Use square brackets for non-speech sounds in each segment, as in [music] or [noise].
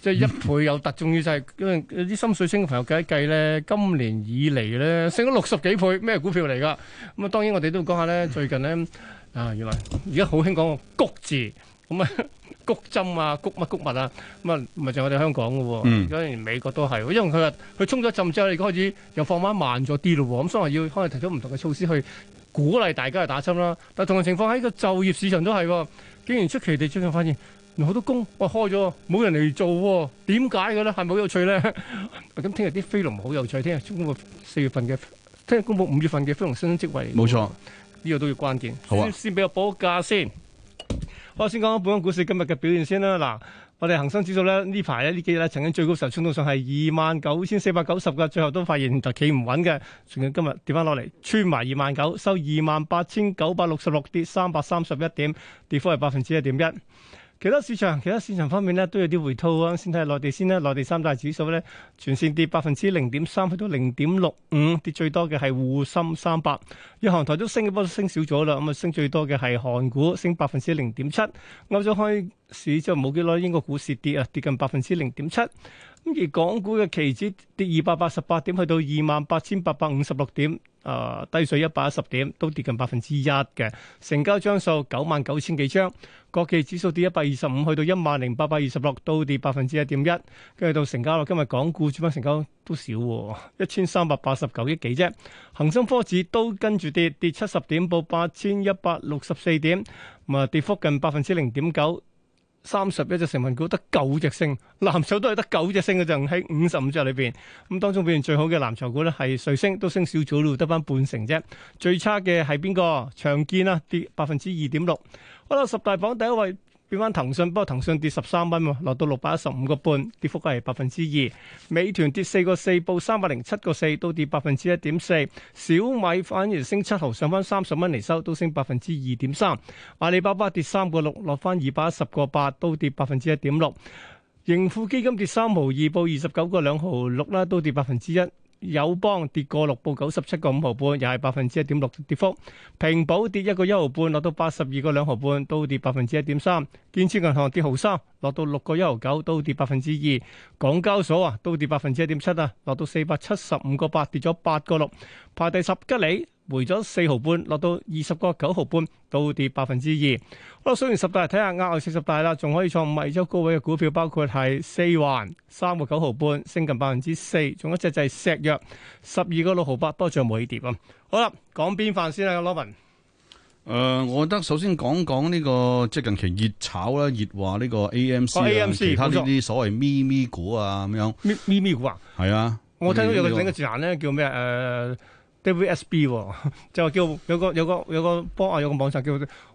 即係一倍有突，重要就係因為有啲心水清嘅朋友計一計咧，今年以嚟咧升咗六十幾倍，咩股票嚟㗎？咁啊，當然我哋都講下咧，最近咧啊，原來而家好興講個谷字，咁啊谷針啊谷乜谷物啊，咁啊唔係就我哋香港㗎喎，而家連美國都係，因為佢話佢衝咗浸之後，你開始又放慢慢咗啲咯，咁所以要可能提出唔同嘅措施去鼓勵大家去打針啦。但係同樣情況喺個就業市場都係，竟然出奇地最近發現。好多工我開咗，冇人嚟做點解嘅咧？係咪好有趣咧？咁聽日啲非農好有趣，聽日公布四月份嘅，聽日公布五月份嘅非農新增職位。冇錯、啊，呢、嗯這個都要關鍵。好啊，先俾我報個價先。先我先好，吧好，先講下本港股市今日嘅表現先啦。嗱，我哋恒生指數咧呢排咧呢幾日咧，曾經最高時候，衝到上係二萬九千四百九十嘅，最後都發現就企唔穩嘅，仲要今日跌翻落嚟穿埋二萬九，收二萬八千九百六十六，跌三百三十一點，跌幅係百分之一點一。其他市場，其他市場方面咧都有啲回吐啊。先睇下內地先啦，內地三大指數咧全線跌百分之零點三，去到零點六五，跌最多嘅係滬深三百。日韓台都升嘅，不過，都升少咗啦。咁啊，升最多嘅係韓股，升百分之零點七。歐洲開市之後冇幾耐，英國股市跌啊，跌近百分之零點七。而港股嘅期指跌二百八十八點，去到二萬八千八百五十六點，啊、呃，低水一百一十點，都跌近百分之一嘅。成交張數九萬九千幾張，國企指數跌一百二十五，去到一萬零八百二十六，都跌百分之一點一。跟住到成交率，今日港股主板成交都少、啊，一千三百八十九億幾啫。恒生科指都跟住跌，跌七十點，報八千一百六十四點，啊，跌幅近百分之零點九。三十一隻，隻成分股得九隻升，藍籌都係得九隻升嘅陣喺五十五隻裏邊，咁當中表現最好嘅藍籌股咧係瑞星都升少咗咯，得翻半成啫。最差嘅係邊個？長建啦，跌百分之二點六。好啦，十大榜第一位。變翻騰訊，不過騰訊跌十三蚊，落到六百一十五個半，跌幅係百分之二。美團跌四個四，報三百零七個四，都跌百分之一點四。小米反而升七毫，上翻三十蚊嚟收，都升百分之二點三。阿里巴巴跌三個六，落翻二百一十個八，都跌百分之一點六。盈富基金跌三毫二報，報二十九個兩毫六啦，都跌百分之一。友邦跌過六，報九十七個五毫半，又係百分之一點六跌幅。平保跌一個一毫半，落到八十二個兩毫半，都跌百分之一點三。建設銀行跌毫三，落到六個一毫九，都跌百分之二。港交所啊，都跌百分之一點七啊，落到四百七十五個八，跌咗八個六，排第十吉利。回咗四毫半，落到二十個九毫半，倒跌百分之二。好啦，上完十大，睇下額外四十大啦，仲可以創五日最高位嘅股票，包括係四環三個九毫半，升近百分之四，仲有一隻就係石藥十二個六毫八，都仲冇起跌啊。好啦，講邊範先啊，羅文。誒、呃，我覺得首先講講呢個即係近期熱炒啦、熱話呢個 AMC 啊，AMC，其他呢啲錯所謂咪咪股啊咁樣咪咪咪股啊，係啊，我聽到有個整個字眼咧叫咩誒？呃呃 WSB 喎，就話叫有個有個有個幫啊，有個網站叫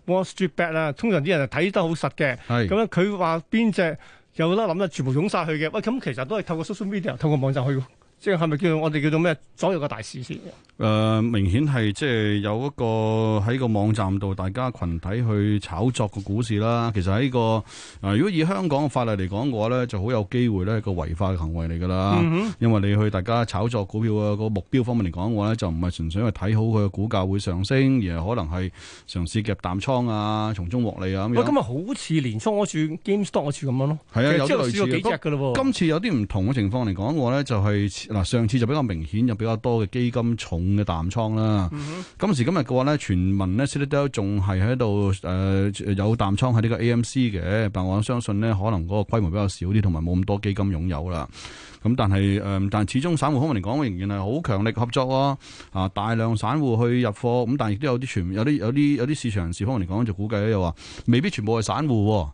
Wall Street Bets 啦。通常啲人係睇得好實嘅，咁咧佢話邊隻有得諗咧，全部湧晒去嘅。喂，咁其實都係透過 social media，透過網站去。即係咪叫我哋叫做咩？左右個大市先。誒、呃，明顯係即係有一個喺個網站度，大家群體去炒作個股市啦。其實喺個誒，如、呃、果以香港嘅法例嚟講嘅話咧，就好有機會咧，個違法嘅行為嚟噶啦。嗯、哼因為你去大家炒作股票嘅、那個目標方面嚟講嘅話咧，就唔係純粹因為睇好佢嘅股價會上升，而係可能係嘗試夾淡倉啊，從中獲利啊。喂、呃，樣今日好似聯科嗰處、GameStop 嗰處咁樣咯？係啊，有啲類似。幾今次有啲唔同嘅情況嚟講嘅話咧，就係、是。嗱，上次就比較明顯，就比較多嘅基金重嘅淡倉啦。嗯、哼今時今日嘅話咧，傳聞咧 Citadel 仲係喺度誒有淡倉喺呢個 AMC 嘅，但我相信咧，可能嗰個規模比較少啲，同埋冇咁多基金擁有啦。咁但係誒，但係、呃、始終散戶方面嚟講，仍然係好強力合作喎、啊。啊，大量散戶去入貨，咁、嗯、但亦都有啲全，有啲有啲有啲市場人士方嚟講就估計、啊、又話，未必全部係散戶、啊。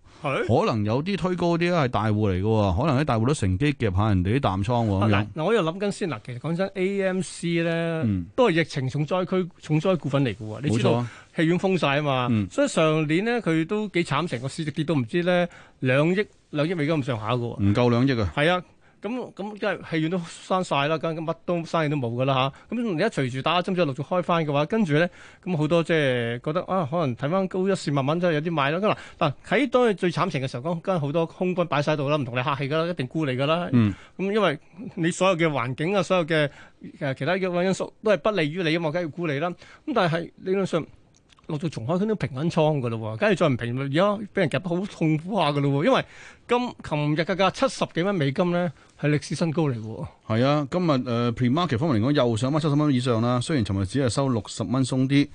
可能有啲推高啲咧，係大戶嚟嘅，可能喺大戶都乘機夾下人哋啲淡倉咁樣。嗱、啊，我又諗緊先，嗱，其實講真，AMC 咧、嗯、都係疫情重災區、重災股份嚟嘅喎。嗯、你知道戲、啊、院封晒啊嘛，嗯、所以上年咧佢都幾慘，成個市值跌到唔知咧兩億兩億美金咁上下嘅喎。唔夠兩億啊。係啊、嗯。咁咁即係戲院都閂晒啦，咁咁乜都生意都冇噶啦嚇。咁你一隨住打針之後陸續開翻嘅話，跟住咧咁好多即係覺得啊，可能睇翻高一線慢慢都有啲買咯。嗱嗱喺當佢最慘情嘅時候講，跟好多空軍擺晒度啦，唔同你客氣噶啦，一定沽你噶啦。咁因為你所有嘅環境啊，所有嘅誒其他嘅因素都係不利於你啊嘛，梗係要沽你啦。咁但係理論上陸續重開都平穩倉噶啦，喎，梗係再唔平衡而家俾人夾得好痛苦下噶咯喎，因為今琴日嘅價七十幾蚊美金咧。係歷史新高嚟喎，係啊，今日誒、呃、premarket 方面嚟講又上翻七十蚊以上啦，雖然尋日只係收六十蚊鬆啲。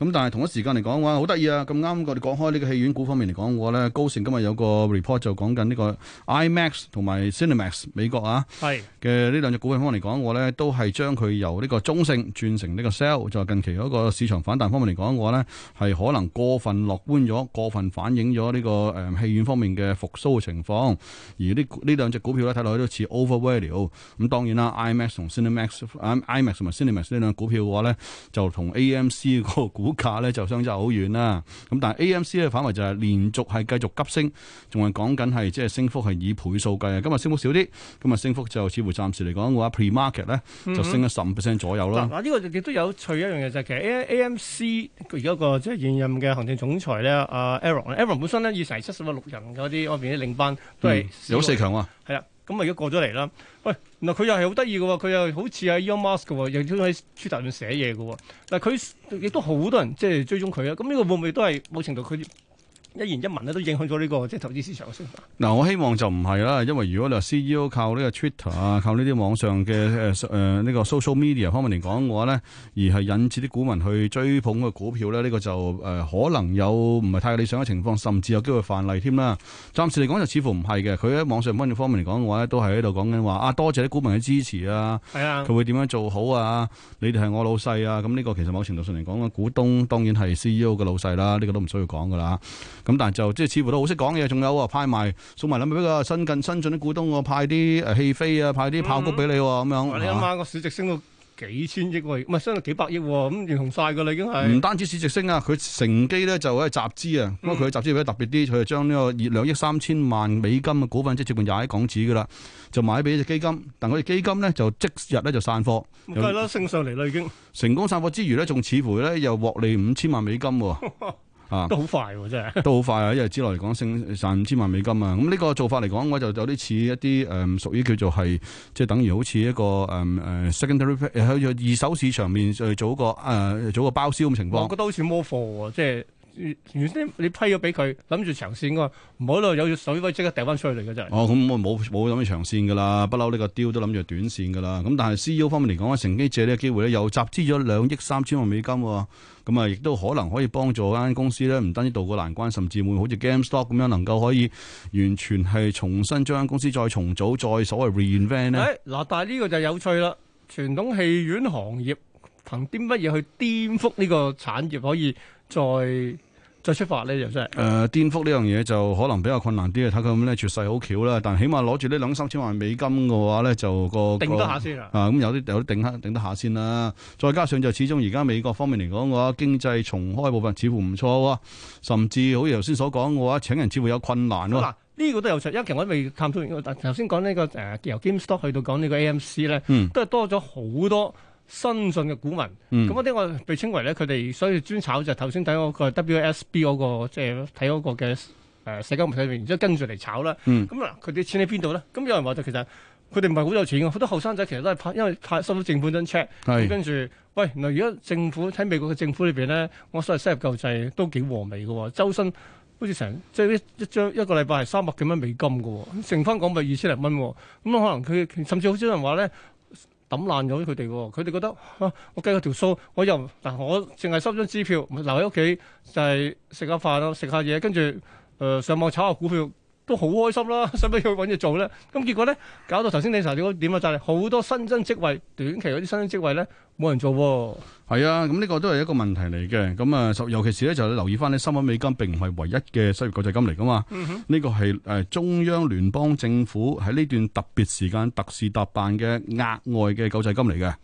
咁但係同一時間嚟講嘅話，好得意啊！咁啱，我哋講開呢個戲院股方面嚟講嘅話，我咧高盛今日有個 report 就講緊呢個 IMAX 同埋 Cinemax 美國啊，係嘅呢兩隻股票方面嚟講嘅話，我咧都係將佢由呢個中性轉成呢個 sell。就近期嗰個市場反彈方面嚟講嘅話，我咧係可能過分樂觀咗，過分反映咗呢、呢個誒、嗯、戲院方面嘅復甦嘅情況。而呢呢兩隻股票咧睇落去都似 overvalue 咁。當然啦，IMAX 同 Cinemax IMAX 同埋 Cinemax 呢兩隻股票嘅話咧，就同 AMC 個股，卡咧就相差好遠啦，咁但係 A M C 咧反為就係連續係繼續急升，仲係講緊係即係升幅係以倍數計啊！今日升幅少啲，今日升幅就似乎暫時嚟講嘅話，pre market 咧就升咗十五 percent 左右啦。嗱、嗯嗯，呢、嗯這個亦都有趣一樣嘢就係，其實 A M C 佢而家個即係、就是、現任嘅行政總裁咧，阿、呃、Aaron, Aaron 本身咧以成七十個六人嗰啲外邊啲領班都係、嗯、有四強喎、啊，係啦。咁咪而家過咗嚟啦，喂，嗱佢又係好得意嘅喎，佢又好似阿 Elon Musk 嘅喎，亦都喺 Twitter 上寫嘢嘅喎，嗱佢亦都好多人即係追蹤佢啊，咁、嗯、呢、呢個會唔會都係某程度佢，一言一文咧，都影響咗呢個即係投資市場嘅升幅。嗱，我希望就唔係啦，因為如果你話 C E O 靠呢個 Twitter 啊，靠呢啲網上嘅誒誒呢個 social media 方面嚟講嘅話咧，而係引致啲股民去追捧個股票咧，呢個就誒可能有唔係太理想嘅情況，甚至有機會犯例添啦。暫時嚟講就似乎唔係嘅。佢喺網上關注方面嚟講嘅話咧，都係喺度講緊話啊，多謝啲股民嘅支持啊，係啊，佢會點樣做好啊？你哋係我老細啊，咁呢個其實某程度上嚟講，個股東當然係 C E O 嘅老細啦，呢個都唔需要講㗎啦。咁但係就即係似乎都好識講嘢，仲有啊，派賣送埋禮物俾佢，新進新進啲股東派啲誒戲飛啊，派啲炮谷俾你咁樣。你諗下個市值升到幾千億喎，唔係升到幾百億咁，認同晒噶啦，已經係。唔單止市值升啊，佢乘機咧就喺集資啊，咁啊佢集資比較特別啲，佢就將呢個二兩億三千萬美金嘅股份即係折半廿億港紙噶啦，就買俾隻基金，但佢隻基金咧就即日咧就散貨。咁係咯，升上嚟啦已經。成功散貨之餘咧，仲似乎咧又獲利五千萬美金。啊 [laughs] 啊，都好快喎！真係，都好快啊！一日之內嚟講，升賺五千萬美金啊！咁、嗯、呢、這個做法嚟講，我就有啲似一啲誒、嗯、屬於叫做係，即、就、係、是、等於好似一個誒誒、嗯呃、secondary，喺、呃、個二手市場面去做一個、呃、做一個包銷咁情況。我覺得好似摸貨啊！即係。原先你批咗俾佢，諗住長線㗎，唔好度有隻水位即刻掉翻出去嚟㗎真係。哦，咁我冇冇諗住長線㗎啦，不嬲呢個雕都諗住短線㗎啦。咁但係 CEO 方面嚟講咧，乘機借呢個機會咧，又集資咗兩億三千萬美金，哦，咁、嗯、啊，亦、嗯、都可能可以幫助間公司咧，唔單止渡過難關，甚至會好似 GameStop 咁樣能夠可以完全係重新將間公司再重組，再所謂 reinvent 咧。嗱，但係呢個就有趣啦。傳統戲院行業憑啲乜嘢去顛覆呢個產業，可以再？再出發呢就真係誒，顛覆呢樣嘢就可能比較困難啲啊！睇佢咁咧，絕世好橋啦，但起碼攞住呢兩三千萬美金嘅話咧，就個頂得下先啦啊！咁有啲有啲頂下，頂得下先啦。再加上就始終而家美國方面嚟講嘅話，經濟重開部分似乎唔錯喎，甚至好似頭先所講嘅話，請人似乎有困難喎。嗱、嗯，呢、這個都有實，因為我未探討完。頭先講呢個誒、呃，由 GameStop 去到講呢個 AMC 咧，都係多咗好多。新進嘅股民，咁嗰啲我被稱為咧，佢哋所以專炒就頭先睇嗰個 W S B 嗰、嗰個，即係睇嗰個嘅誒社交媒體裡面，即係跟住嚟炒啦。咁嗱、嗯，佢哋、嗯，錢喺邊度咧？咁、嗯、有人話就其實佢哋唔係好有錢嘅，好多後生仔其實都係派，因為派收到政府張 check，跟住喂，嗱，如果政府喺美國嘅政府裏邊咧，我所謂收入救濟都幾和美嘅，周薪好似成即係一張一個禮拜係三百幾蚊美金嘅，乘翻港幣二千零蚊，咁、嗯嗯嗯嗯、可能佢甚至好少人話咧。抌爛咗佢哋喎，佢哋覺得，啊、我計咗條數，我又嗱、啊、我淨係收張支票，留喺屋企就係食下飯咯，食下嘢，跟住誒上網炒下股票都好開心啦，使乜要搵嘢做咧？咁結果咧，搞到頭先你查點點就係、是、好多新增職位，短期嗰啲新增職位咧。冇人做喎，係啊，咁呢個都係一個問題嚟嘅。咁啊，尤其是咧，就你留意翻咧，三萬美金並唔係唯一嘅失業救濟金嚟噶嘛。呢、嗯、哼個係誒、呃、中央聯邦政府喺呢段特別時間特事特辦嘅額外嘅救濟金嚟嘅。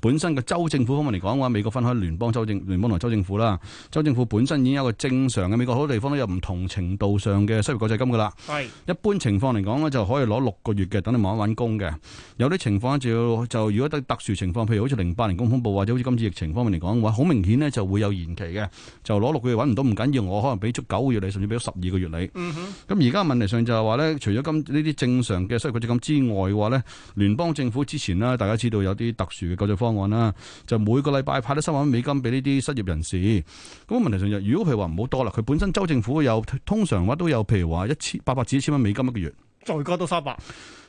本身嘅州政府方面嚟講嘅話，美國分開聯邦、州政、聯邦同埋州政府啦。州政府本身已經有一個正常嘅美國好多地方都有唔同程度上嘅失業救濟金噶啦。係是一般情況嚟講咧，就可以攞六個月嘅，等你慢慢揾工嘅。有啲情況就就如果得特殊情況，譬如好似零八年。咁恐怖或者好似今次疫情方面嚟講，話好明顯咧就會有延期嘅，就攞六個月揾唔到唔緊要，我可能俾足九個月你，甚至俾咗十二個月你。嗯哼。咁而家問題上就係話咧，除咗今呢啲正常嘅失業救助金之外嘅話咧，聯邦政府之前啦，大家知道有啲特殊嘅救助方案啦，就每個禮拜派得三百蚊美金俾呢啲失業人士。咁問題上就是，如果譬如話唔好多啦，佢本身州政府有通常話都有，譬如話一千八百至一千蚊美金一個月。再加多三百，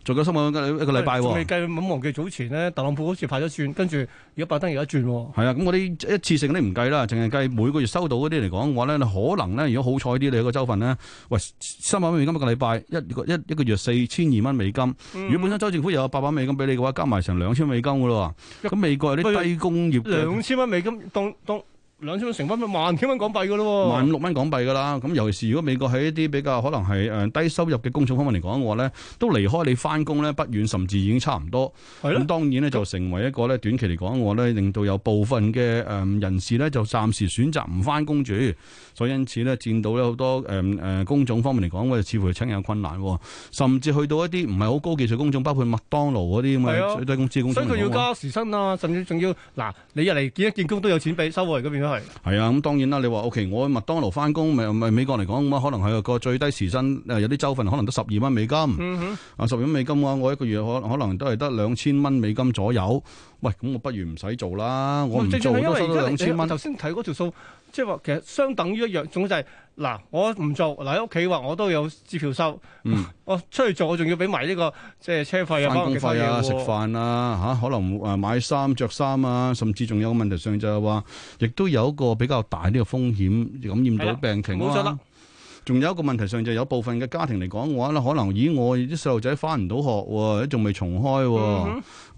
再加三百蚊，一個禮拜，啊。未計唔好忘記早前咧，特朗普好似派咗轉，跟住如果拜登又一轉。係啊，咁嗰啲一次性嗰啲唔計啦，淨係計每個月收到嗰啲嚟講嘅話咧，你可能咧，如果好彩啲，你一個州份咧，喂，三百美金一個禮拜，一一一個月四千二蚊美金。嗯、如果本身州政府又有八百美金俾你嘅話，加埋成兩千美金噶啦，咁一美國啲低工業。兩千蚊美金當當。兩千蚊成翻萬幾蚊港幣噶咯，萬五六蚊港幣噶啦。咁尤其是如果美國喺一啲比較可能係誒低收入嘅工種方面嚟講嘅話咧，都離開你翻工咧不遠，甚至已經差唔多。咁的當然咧就成為一個咧短期嚟講嘅話咧，令到有部分嘅誒人士咧就暫時選擇唔翻工住。所以因此咧見到咧好多誒誒工種方面嚟講，我哋似乎請人有困難，甚至去到一啲唔係好高技術工種，包括麥當勞嗰啲咁嘅最低工資工的。所以佢要加時薪啊，甚至仲要嗱，你入嚟見一見工都有錢俾，收埋嗰邊係，係啊，咁當然啦。你話 OK，我麥當勞翻工，咪咪美國嚟講，咁啊可能係個最低時薪，有啲州份可能都十二蚊美金，啊十二蚊美金嘅話，我一個月可可能都係得兩千蚊美金左右。喂，咁我不如唔使做啦，我唔做都收到兩千蚊。頭先睇嗰條數。即係話其實相等於一樣，總就係嗱，我唔做嗱，喺屋企話我都有支票收，嗯、我出去做我仲要俾埋呢個即係、就是、車費上班 啊、工費啊、食飯啊嚇、啊，可能誒買衫着衫啊，甚至仲有個問題上就係話，亦都有一個比較大呢個風險感染到病情冇的嘛錯啦、啊。仲有一個問題上就有部分嘅家庭嚟講嘅話，咧，可能以我啲細路仔翻唔到學，仲未重開，咁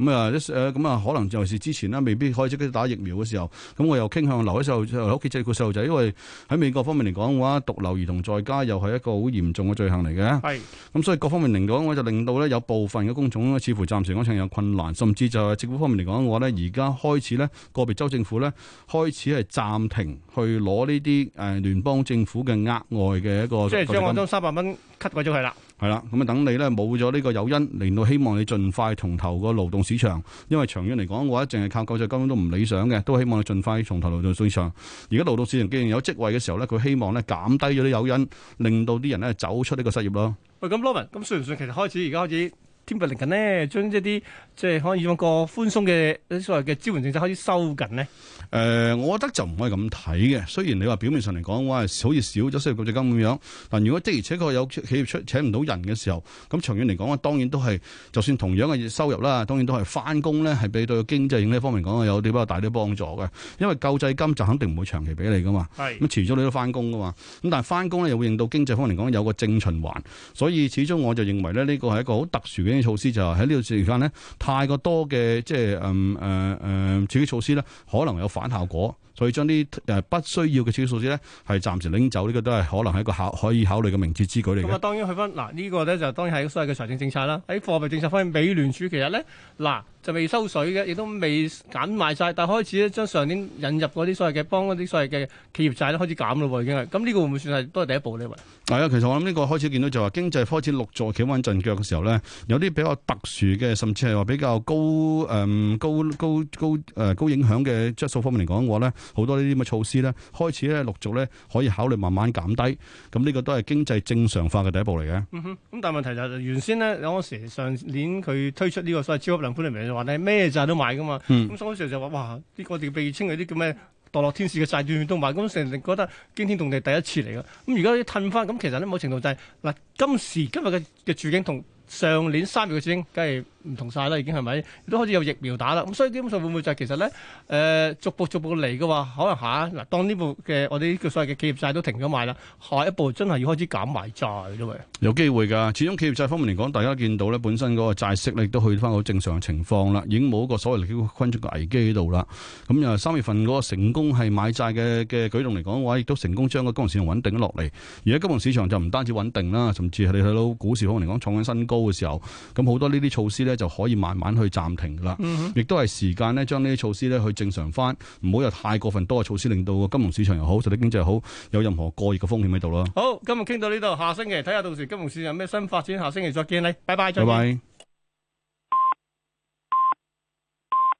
啊咁啊可能就係之前咧未必開始打疫苗嘅時候，咁我又傾向留喺細路仔屋企照顧細路仔，因為喺美國方面嚟講嘅話，獨留兒童在家又係一個好嚴重嘅罪行嚟嘅。係是，咁所以各方面嚟講，我就令到咧有部分嘅工種似乎暫時嗰層有困難，甚至就係政府方面嚟講嘅話咧，而家開始咧個別州政府咧開始係暫停去攞呢啲誒聯邦政府嘅額外嘅。即係將嗰種三百蚊 cut 鬼咗佢啦，係啦，咁啊等你咧冇咗呢個誘因，令到希望你盡快重投個勞動市場，因為長遠嚟講嘅話，淨係靠救濟根本都唔理想嘅，都希望你盡快重投勞動市場。而家勞動市場既然有職位嘅時候咧，佢希望咧減低咗啲誘因，令到啲人咧走出呢個失業咯。喂，咁羅文，咁算唔算其實開始而家開始？兼埋嚟緊咧，將一啲即係可以用個寬鬆嘅所謂嘅支援政策可以收緊咧。誒、呃，我覺得就唔可以咁睇嘅。雖然你話表面上嚟講，哇，好似少咗收入救濟金咁樣，但如果的而且確有企業出請唔到人嘅時候，咁長遠嚟講，當然都係就算同樣嘅收入啦，當然都係翻工咧，係俾到經濟方面講有啲比較大啲幫助嘅。因為救濟金就肯定唔會長期俾你噶嘛。係咁是，遲早你都翻工噶嘛。咁但係翻工咧又會令到經濟方面嚟講有個正循環。所以始終我就認為咧，呢、這個係一個好特殊嘅。措施就喺呢個時間咧，太過多嘅即係嗯誒誒，刺、呃、激、呃、措施咧，可能有反效果。佢將啲誒不需要嘅超數字咧，係暫時拎走，呢、呢個都係可能係一個考可以考慮嘅明智之舉嚟。咁啊，當然去翻嗱呢個咧，就當然係所謂嘅財政政策啦。喺貨幣政策方面，美聯儲其實咧嗱、啊、就未收水嘅，亦都未減買債，但係開始咧將上年引入嗰啲所謂嘅幫嗰啲所謂嘅企業債都開始減咯已經係咁。呢個會唔會算係都係第一步咧？係啊，其實我諗呢個開始見到就話經濟開始陸續企穩陣腳嘅時候咧，有啲比較特殊嘅，甚至係話比較高誒、嗯、高高高誒高、呃、高影響嘅質素方面嚟講嘅話咧。好多呢啲咁嘅措施咧，開始咧陸續咧可以考慮慢慢減低，咁呢個都係經濟正常化嘅第一步嚟嘅。嗯哼，咁但係問題就係、是、原先咧，有、那、嗰、個、上年佢推出呢個所謂超級量寬嚟，名就話咧咩債都買噶嘛，咁、嗯、所以嗰時就話哇啲我哋被稱為啲叫咩墮落天使嘅債券，都買咁成日覺得驚天動地第一次嚟嘅。咁而家一褪翻，咁其實咧某程度就係、是、嗱今時今日嘅嘅處境同上年三月嘅處境，梗係。唔同曬啦，已經係咪？都開始有疫苗打啦，咁所以基本上會唔會就係其實咧，誒逐步逐步嚟嘅話，可能下嗱，當呢步嘅我哋呢個所謂嘅企業債都停咗賣啦，下一步真係要開始減買債啫嘛。有機會㗎，始終企業債方面嚟講，大家見到咧，本身嗰個債息咧亦都去翻好正常嘅情況啦，已經冇一個所謂嘅困住個危機喺度啦。咁又三月份嗰個成功係買債嘅嘅舉動嚟講嘅話，亦都成功將個金融市場穩定咗落嚟。而家金融市場就唔單止穩定啦，甚至係你睇到股市可能嚟講創緊新高嘅時候，咁好多呢啲措施咧，就可以慢慢去暫停啦，嗯、哼亦都係時間咧將呢啲措施咧去正常翻，唔好有太過分多嘅措施，令到個金融市場又好，實體經濟又好，有任何過熱嘅風險喺度咯。好，今日傾到呢度，下星期睇下到時金融市場有咩新發展，下星期再見你，拜拜，再見。拜拜。